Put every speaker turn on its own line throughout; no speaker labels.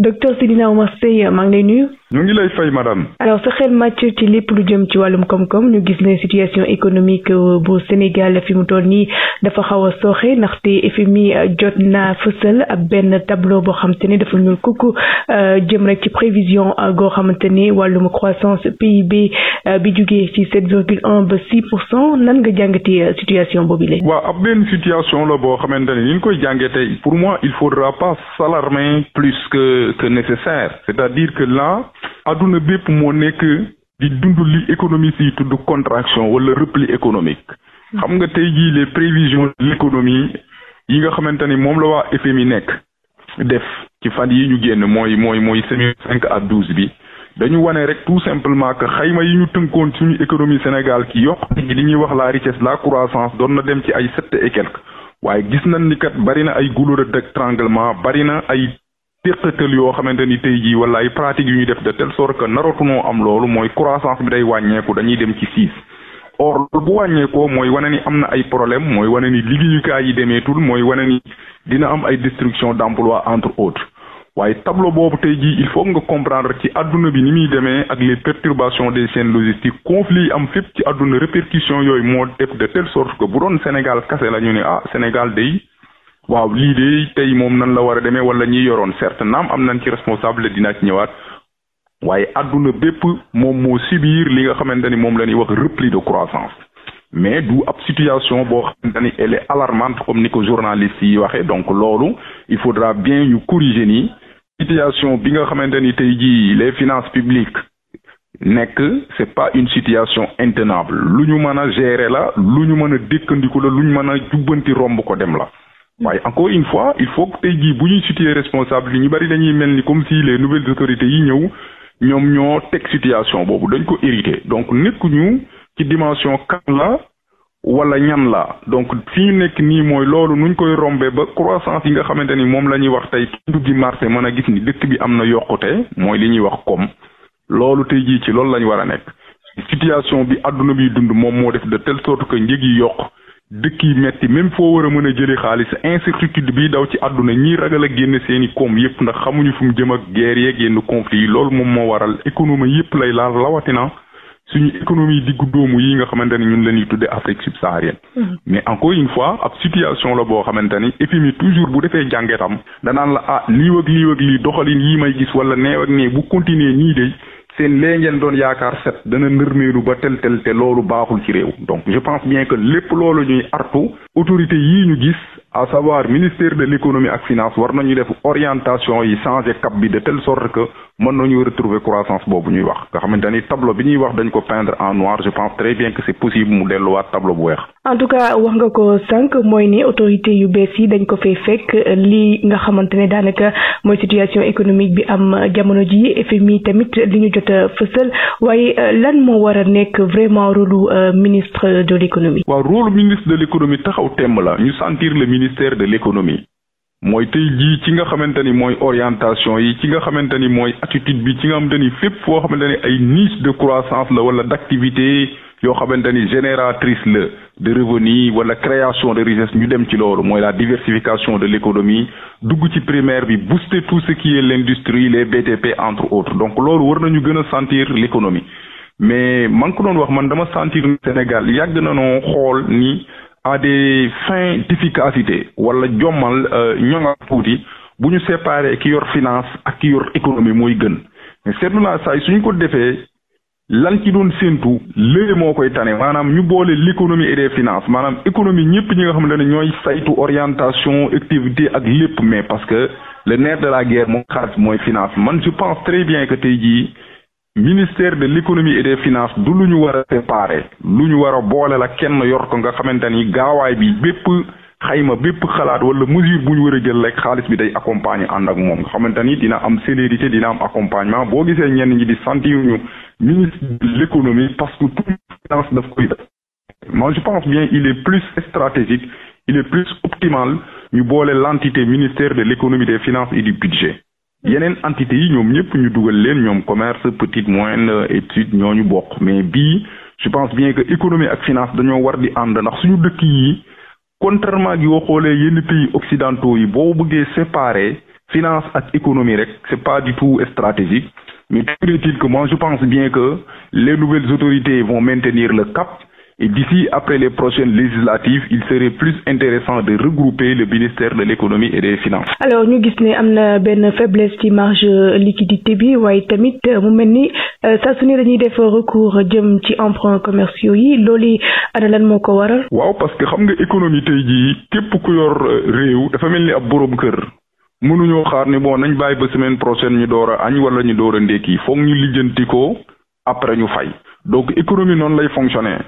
docteur Seydina Oumar Seye maa ngi lay nuyu.
ñu ngi lay fay madame.
alors sa xel ci lépp lu jëm ci wàllum koom-koom ñu gis ne situation économique euh, bu Sénégal fi mu toll nii dafa xaw a sooxe ndaxte FMI euh, jot naa fësal ab benn tableau boo xamante ne dafa ñuul kukk euh, jëm rek ci prévision goo xamante ne wàllum croissance PIB bi jugee ci sept virgule un ba six pour cent nan nga jàngatee situation boobu waa waaw benn
situation la boo xamante ne ni ñu koy jàngee pour moi il faudra pas s'alarmer plus que que adduna bépp moo nekk di dund li économie si tudd contraction wala repli économique xam nga tey jii les prévisions de l'économie yi nga xamante ni moom la waa FMI nekk def ci fan yi ñu génn mooy mooy mooy semi cinq à douze bi dañu wane rek tout simplement que xayma yi ñu tënkoon suñu économie Sénégal ki yokk ñi li ñuy wax la richesse la croissance doon na dem ci ay sept et waaye gis nañ ni kat bari na ay goulot d'étranglement bari na ay déqatal yoo xamante ni tey jii wala ay pratiques yu ñuy def de telle sorte que narootunoo am loolu mooy croissance bi day wàññeeku dañuy dem ci siis or loolu bu wàññeekoo mooy wane ni am na ay problème mooy wane ni liggéeyukaay yi demeetul mooy wane ni dina am ay destruction d'emploi entre autres waaye tableau boobu tey jii il faut nga comprendre ci adduna bi ni muy demee ak les perturbations des chaînes logistiques conflits yi am fépp ci adduna répercussions yooyu moo def de telle sorte que bu doon Sénégal kase la ñu ne ah Sénégal day waaw lii de tey moom nan la war a demee wala ñi yoroon certes naam am nañ ci responsable dinaa ci ñëwaat waaye àdduna bépp moom moo subir li nga xamante ni moom la ñuy wax repli de croissance mais du ab situation boo xamante comme ni ko journaliste yi waxee donc loolu il faudra bien ñu corriger nii situation bi nga xamante ni tey jii les finance publiques nekk c'est pas une situation intenable lu ñu mën a gérer la lu ñu mën a dékkandiku la lu ñu mën a jubbanti romb ko dem la waaye encore une fois il faut que jii bu ñuy situer responsable yi ñu bari dañuy mel ni comme si les nouvelles autorités yi ñëw ñoom ñoo teg situation boobu dañ ko hérité donc nekkuñu ci dimension kan la wala ñan la donc fi ñu nekk nii mooy loolu nuñ koy rombee ba croissance yi nga xamante ni moom la ñuy wax tey dugg gi marché mën a gis ni dëkk bi am na yokkute mooy li ñuy wax koom loolu tey jii ci loolu la ñu war a nekk situation bi àdduna bi dund moom moo def de telle sorte que njëg yi yokk dëkk yi metti même foo war a mën a jëlee xaalis incertitude bi daw ci àdduna ñii ragal a génn seeni i koom yëpp ndax xamuñu fu mu jëm ak geer yee yenn conflit yi loolu moom moo waral économie yëpp lay laal lawatina suñu économie diggu dóomu yi nga xamante ne ñun la ñuy tuddee Afrique subsaharienne. Mm-hmm. mais encore une fois ab situation la boo xamante ni FMI toujours bu defee jàngetam danaan la ah lii ak lii ak doxalin yii may gis wala neew ak nee bu continuer nii de. seen lee ngeen doon yaakaar set dana nërmeelu ba tel tel te loolu baaxul ci réew donc je pense bien que lépp loolu ñuy artu autorité yii ñu gis à savoir ministère de l'économie ak finance war nañu def orientation yi changer cap bi de telle sorte que mën nañu retrouver croissance boobu ñuy wax nga xamante ni tableau bi ñuy wax dañ ko peindre en noir je pense très bien que c'est possible mu delluwaat tableau bu weex.
en tout cas wax nga ko sànq mooy ni autorité yu bees yi dañ ko fay fekk lii nga xamante ne daanaka mooy situation économique bi am jamono ji FMI tamit li ñu jot a fësal waaye euh, lan moo war a nekk vraiment rôle euh, ministre de l'économie. waaw
taxaw temb la ñu sentir le ministère de l'économie. mooy tey jii ci nga xamante ni mooy orientation yi ci nga xamante ni mooy attitude bi ci nga xamante ni fépp foo xamante ni ay niche de croissance la wala d'activité yoo xamante ni génératrice la de revenu wala création de richesse ñu dem ci loolu mooy la diversification de l'économie dugg ci primaire bi booster tout ce qui est l'industrie les BTP entre autres donc loolu war nañu gën a sentir l'économie mais man ko doon wax man dama sentir Sénégal yàgg na noo xool ni à des fin d'efficacité wala jommal euh, ñoŋa tuuti bu ñu séparé ki yor finance ak ki yor économie mooy gën mais seetlu naa su ñu ko defee lan ci doon séntu léegi moo koy tane maanaam ñu boole l'économie et des finances maanaam économie ñëpp ñi nga xam ne ñooy saytu orientation activité ak lépp mais parce que le nerf de la guerre mooy xaalis mooy finance man je pense très bien que tey jii. ministère de l'économie et des finance du lu ñu war a séparé lu ñu war a boole la kenn yor ko nga xamante ni gaawaay bi bépp xayma bépp xalaat wala mesure bu ñu war a jël rek xaalis bi day accompagner ànd ak moom nga xamante ni dina am célérité dina am accompagnement boo gisee ñenn ñi di sentir ñu ministre de l'économie parce que tout finance daf koy def moi je pense bien il est plus stratégique il est plus optimal ñu boole l'entité ministère de l'économie des finances et du yeneen entité yi ñoom ñëpp ñu dugal leen ñoom commerce petite moyenne étude ñooñu bokk mais bii je pense bien que économie ak finance dañoo war di ànd ndax suñu dëkk yi contrairement ak yoo xoolee yenn pays occidentaux yi boo bëggee séparer finance ak économie rek c'est pas du tout stratégique mais toujours est que moi je pense bien que les nouvelles autorités vont maintenir le cap Et d'ici après les prochaines législatives il serait plus intéressant de regrouper le ministère de l'économie et des finances.
alors ñu gis ne am na benn faiblesse ci marge liquidité bi waaye tamit euh, mu mel ni euh, saa su ne dañuy def recours jëm ci emprunt commerciaux yi loolu ana lan moo ko waral.
waaw parce que xam nga économie tey jii képp ku yor euh, réew dafa mel ni ab boroom kër. mënuñoo xaar ni bon nañ bàyyi ba semaine prochaine ñu door a añ wala ñu door a ndékki foog ñu lijjanti ko ñu fay donc noonu lay fonctionner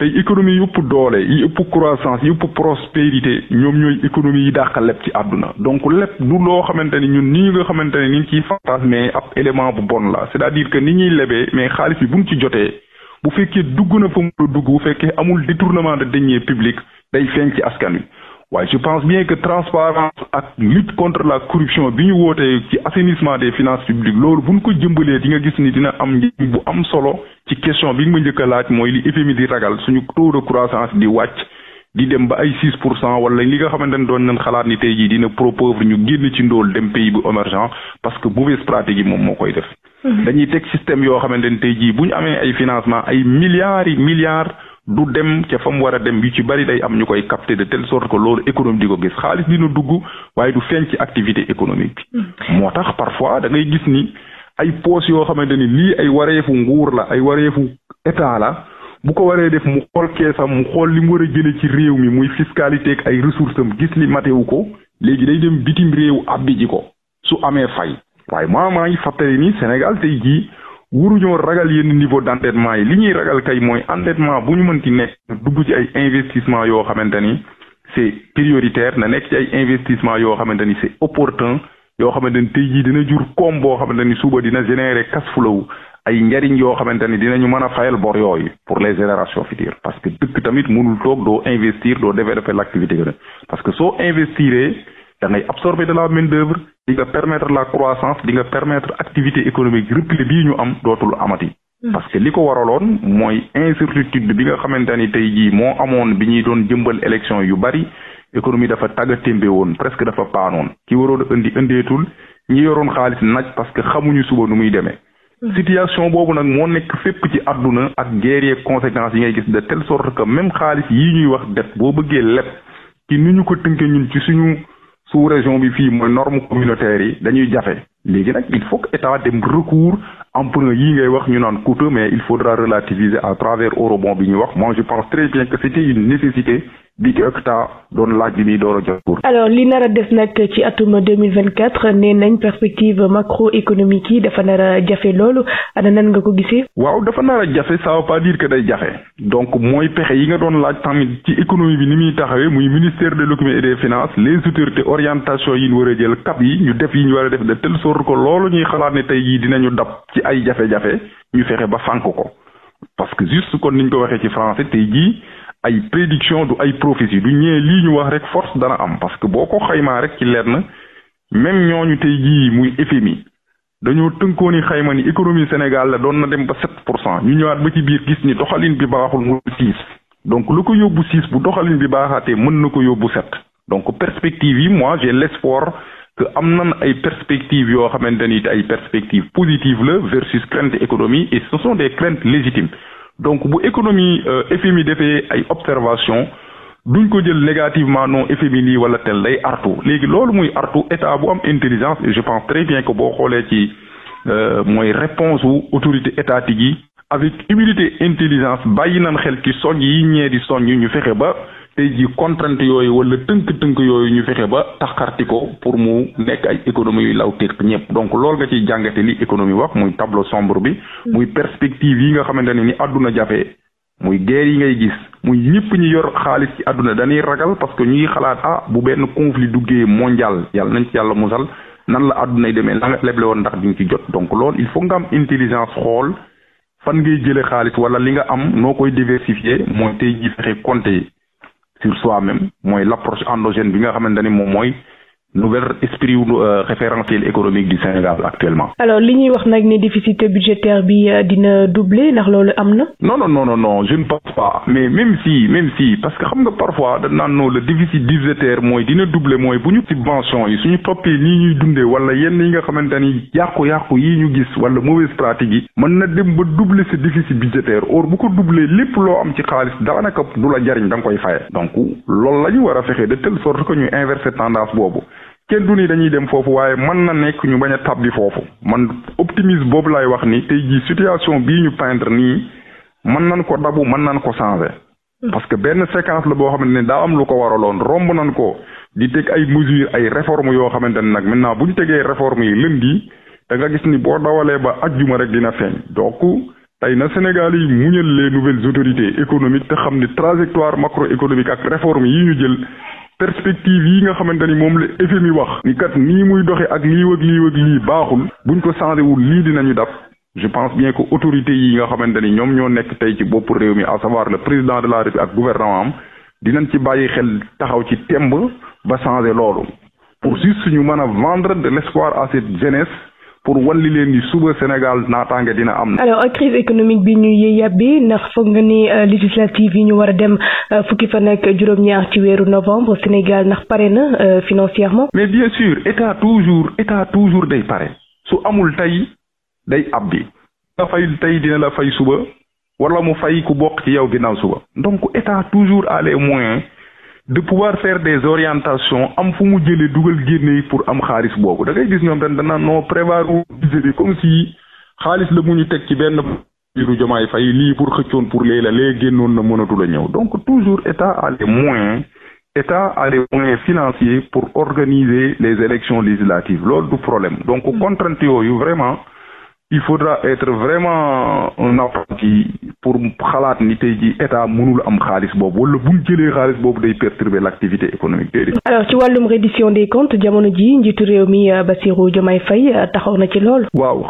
tey économie yu doole yi ëpp croissance yi ëpp prospérité ñoom ñooy économie yi dàq leb ci àdduna donc leb du loo xamante ni ñun ni ñu nga xamante ne ni ñu ciy fantasme mais ab élément bu bon la c'est-à-dire que ni ñuy lebee mais xaalis bi bu mu ci jotee bu fekkee dugg na fa mu dugg bu fekkee amul détournement de deniers publique day feeñ ci askan wi waaye je pense bien que transparence ak lutte contre la corruption bi ñu wootee ci assainissement des finances publiques loolu buñ ko jëmbalee di nga gis ni dina am njëriñ bu am solo ci question bi nga ma njëkk a laaj mooy li FMI di ragal suñu taux de croissance di wàcc di dem ba ay 6 pour cent wala li nga xamante ne doon nañ xalaat ni tey jii dina pro-pauvre ñu génn ci ndóol dem pays bu émergent parce que mauvaise pratique yi moom moo koy def. Mm-hmm. dañuy teg système yoo xamante ne tey jii bu ñu amee ay financement ay milliards yi milliare du dem ca fa mu war a dem yu ci bari day am ñu koy capter de telle sorte que loolu économie di ko gis xaalis dina dugg waaye du feeñ ci activité économique ay poste yoo xamante ni lii ay wareefu nguur la ay wareefu état la bu ko waree def mu xool keesam mu xool li mu war a jëlee ci réew mi muy fiscalité ak ay ressources am gis li matewu ko léegi day dem bitim réew abbi ji ko su amee fay waaye maam maa ngi fàttali ni Sénégal tey jii waruñoo ragal yenn niveau d' endettement yi li ñuy ragal kay mooy endettement bu ñu mën ci nekk dugg ci ay investissement yoo xamante ni c' est prioritaire na nekk ci ay investissement yoo xamante ni c' est yoo xamante ni tey jii dina jur koom boo xamante ni suba dina générer kas fulawu ay njariñ yoo xamante ni dinañu mën a fayal bor yooyu pour les générations futures parce que dëkk tamit mënul toog doo investir doo développer l'activité bi parce que soo investir da ngay absorber de la main d'œuvre di permettre la croissance di nga permettre activité économique reculé bii ñu am dootul amati. Hmm. parce que li ko waraloon mooy incertitude bi nga xamante ni tey jii moo amoon bi ñuy doon jëmbal élection yu bari. économie dafa tàggatémbe woon presque dafa paanoon ki waroon a indi indeetul ñi yoroon xaalis naj parce que xamuñu suba nu muy demee hmm. situation boobu nag moo nekk fépp ci adduna ak guerre yeeg yi ngay gis de telle sorte que même xaalis yi ñuy wax def boo bëggee leb ci nu ñu ko tënke ñun ci suñu su région bi fii mooy norme communautaire yi dañuy jafe léegi nag il faut que dem recours emprunt yi ngay wax ñu naan coûteux mais il faudra relativiser à travers eurobond bi ñuy wax moi je pense très bien bi ci ECTA doon laaj bi muy door a jot
alors li nar a des nag ci atum deux mille vingt quatre nee nañ perspective macroéconomique yi dafa nar a jafe loolu ana nan nga ko gisee.
waaw dafa nar a jafe ça veut pas dire que day jafe donc mooy pexe yi nga doon laaj tamit ci économie bi ni muy taxawee muy ministère de l'économie et des finances les autorités orientation yi ñu war a jël cap yi ñu def yi ñu war a def de telle ko que loolu ñuy xalaat ne tey jii dinañu dab ci ay jafe-jafe ñu fexe ba fànk ko parce ay prédiction du ay prophétie du ñëwee lii ñu wax rek force dana am parce que boo ko xaymaa rek ci leer na même ñooñu tey jii muy FMI dañoo tënkoo ni xayma ni économie Sénégal la doon na dem ba sept pour cent ñu ñëwaat ba ci biir gis ni doxalin bi baaxul mu siis donc lu ko yóbbu siis bu doxalin bi baaxaatee mën na ko yóbbu set donc perspective yi mois j'ai l'espoir que am nan ay perspectives yoo xamante ni ay perspectives positives la versus crainte économie et ce sont des craintes légitimes donc bu économie euh, FMI defee ay observation duñ ko jël négativement non FMI lii wala tel day artu léegi loolu muy artu état bu am intelligence et je pense très bien que boo xoolee ci euh, mooy réponse wu autorité étatique yi avec humilité intelligence bàyyi nañ xel ci soñ yi ñee di yi ñu fexe ba tey jii contrainte yooyu wala tënk-tënk yooyu ñu fexe ba taxarti ko pour mu nekk ay économie yu law téq ñëpp donc loolu nga ciy jàngate li économie wax muy tableau sombre bi muy perspective yi nga xamante ne ni àdduna jafe muy guerre yi ngay gis muy ñëpp ñi yor xaalis ci àdduna dañuy ragal parce que ñuy xalaat ah bu benn conflit duggee mondial yàlla nañ ci yàlla musal nan la àddunay demee la nga leble woon ndax diñ ci jot donc loolu il faut nga am intelligence xool fan ngay jëlee xaalis sur soi-même mooy l'approche endogène bi nga xamante ni moom mooy nouvelle esprit euh, référentiel économique du Sénégal actuellement.
li ñuy wax nag ne déficit budgétaire bi euh, dina doubler ndax loolu am na.
non non non non non je ne pense pas mais même si même si parce que xam nga parfois dañ naan non le déficit budgétaire mooy dina doubler mooy bu ñu subvention yi ñu toppee nii ñuy dundee wala yenn yi nga xamante ni yàqu-yàqu yi ñu gis wala mauvaise pratique yi. mën na dem ba doubler ce déficit budgétaire or bu ko doubler lépp loo am ci xaalis daanaka du la jariñ da nga koy faye donc loolu la w war a fexe de telle sorte ñu inverser boobu. kenn du ni dañuy dem foofu waaye man na nekk ñu bañ a tàbbi foofu man optimisme boobu laay wax ni tey jii situation bii ñu peindre nii mën nañ ko dabu mën nañ ko changer. Hmm. parce que benn séquence la boo xamante ne daa am lu ko waraloon romb nañ ko di teg ay mesures ay réformes yoo xamante ne nag maintenant bu ñu tegee réforme yi lëndi da danga gis ni boo dawalee ba ajjuma rek dina feeñ donc tey na Sénégal yi muñal les nouvelles autorités économique te xam ni trajectoire macroéconomique ak réformes yi ñu jël. perspective yi nga xamante ni moom la FMI wax ni kat nii muy doxe ak lii wëg lii wëg lii baaxul buñ ko changé wul lii ñu daf je pense bien que autorités yi nga xamante ni ñoom ñoo nekk tey ci bopp réew mi à savoir le président de la République ak gouvernement am dinañ ci bàyyi xel taxaw ci temb ba changé loolu pour juste ñu mën a de l'espoir à cette jeunesse pour walli leen ni suba Sénégal na naataange dina am.
alors crise économique bi ñu yàbbi ndax foog nga ni euh, législative yi ñu war a dem euh, fukki fa nekk juróom-ñaar ci weeru novembre Sénégal ndax pare na euh, financièrement.
mais bien sûr état toujours état toujours day pare su amul tey day abbi. la fay tey dina la fay suba wala mu fay ku bokk ci yow ginnaaw suba donc état toujours a les moyens. de pouvoir faire des orientations am fu mu jëlee dugal génne pour am xaalis boobu da ngay gis ñoom dañ dana noo prévoir comme si xaalis la mu ñu teg ci benn biiru jomaay fay lii pour xëccoon pour léegi la léegi génnoon na mënatu la ñëw donc toujours état a les moyens état a les moyens pour organiser les élections législatives loolu du problème donc contrainte yooyu vraiment il faudra être vraiment un apprenti pour xalaat ni tey ji état mënul am xaalis boobu wala buñ jëlee xaalis boobu day perturber l' activité économique déedéet.
alors ci wàllum reddition des comptes jamono ji njiitu réew mi euh, Bassirou Diomaye fay euh, taxaw na ci lool. waaw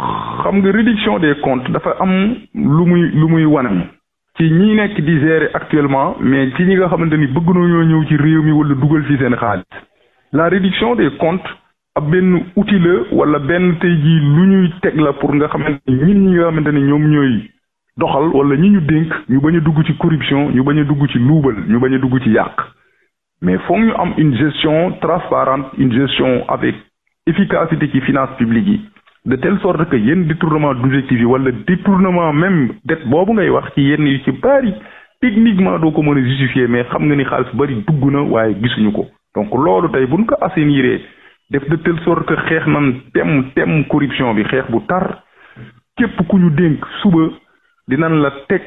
xam nga réduction des comptes dafa am lu muy lu muy wanam ci ñi nekk di gérer actuellement mais ci ñi nga xamante ni bëgg nañoo ñëw ci réew mi wala dugal ci seen xaalis la reddition des comptes. ab benn outil la wala benn tey jii lu ñuy teg la pour nga xamante ni ñun ñi nga xamante ne ñoom ñooy doxal wala ñi ñu dénk ñu bañ a dugg ci corruption ñu bañ a dugg ci luubal ñu bañ a dugg ci yàq mais foog ñu am une gestion transparente in gestion avec efficacité ci finance publique yi de telle sorte que yenn détournement d'objectif yi wala détournement même dette boobu ngay wax ci yenn yu ci bari techniquement doo ko mën a justifier mais xam nga ni xaalis bari dugg na waaye gisuñu ko donc loolu tey buñ ko assainiree def de telle sorte que xeex nan tem tem corruption bi xeex bu tar képp ku ñu dénk suba dinañ la teg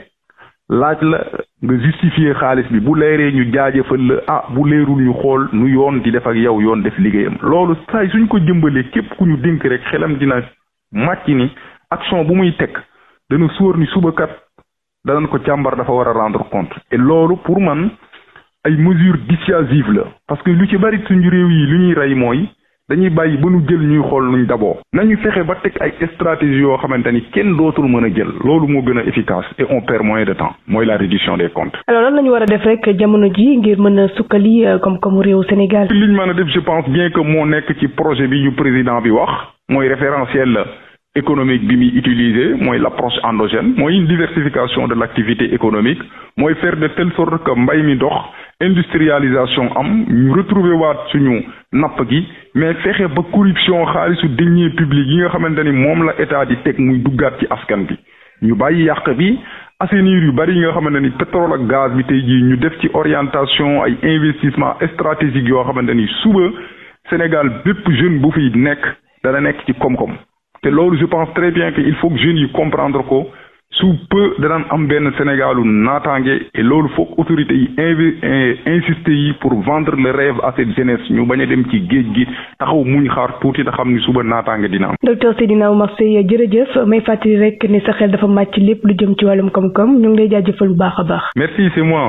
laaj la nga justifier xaalis bi bu leeree ñu jaajëfal la ah bu leerul ñu xool nu yoon di def ak yow yoon def liggéeyam loolu saay suñ ko jëmbalee képp ku ñu dénk rek xelam dina màcc ni action bu muy teg dana sóor ni suba kat danañ ko càmbar dafa war a rendre compte et loolu pour man ay mesures dissuasives la parce que lu ci bari suñu réew yi lu ñuy rey mooy dañuy bàyyi ba nu jël ñuy xool nuñ daboo nañu fexe ba teg ay stratégie yoo xamante ni kenn dootul mën a jël loolu moo gën a efficace et on perd moins de temps mooy la réduction des comptes.
alors lan la war a def rek jamono ji ngir mën a sukkali euh, koom-koomu réew Sénégal. liñ mën
a def je pense bien que moo nekk ci projet bi ñu président bi wax mooy référentiel la. économique bi muy utiliser mooy l'approche endogène mooy une diversification de l'activité économique mooy faire de telle sorte que mbay mi dox industrialisation am ñu retrouver waat suñu napp gi mais fexe ba corruption xaalisu deniers publics yi nga xamante ni moom la état di teg muy duggaat ci askan bi ñu bàyyi yàq bi assainir yu bari yi nga xamante ni pétrole ak gaz bi tey jii ñu def ci orientation ay investissement stratégique yoo xamante ni suba Sénégal bépp jeune bu fiy nekk dana nekk ci koom te loolu je pense très bien que il faut que yi comprendre ko sous peu danañ am benn Sénégalu naataange et loolu foog autorités yi invi eh, insister yi pour vendre le rêve à cette jeunesse ñu bañ a dem ci géej gi taxaw mu muñ xaar tuuti te xam ni suba naataange dina am.
docteur Seydina Oumar a jërëjëf may fàttali rek ne sa xel dafa màcc lépp lu jëm ci wàllum koom-koom ñu ngi lay jaajëfal bu baax a baax.
merci c'est moi.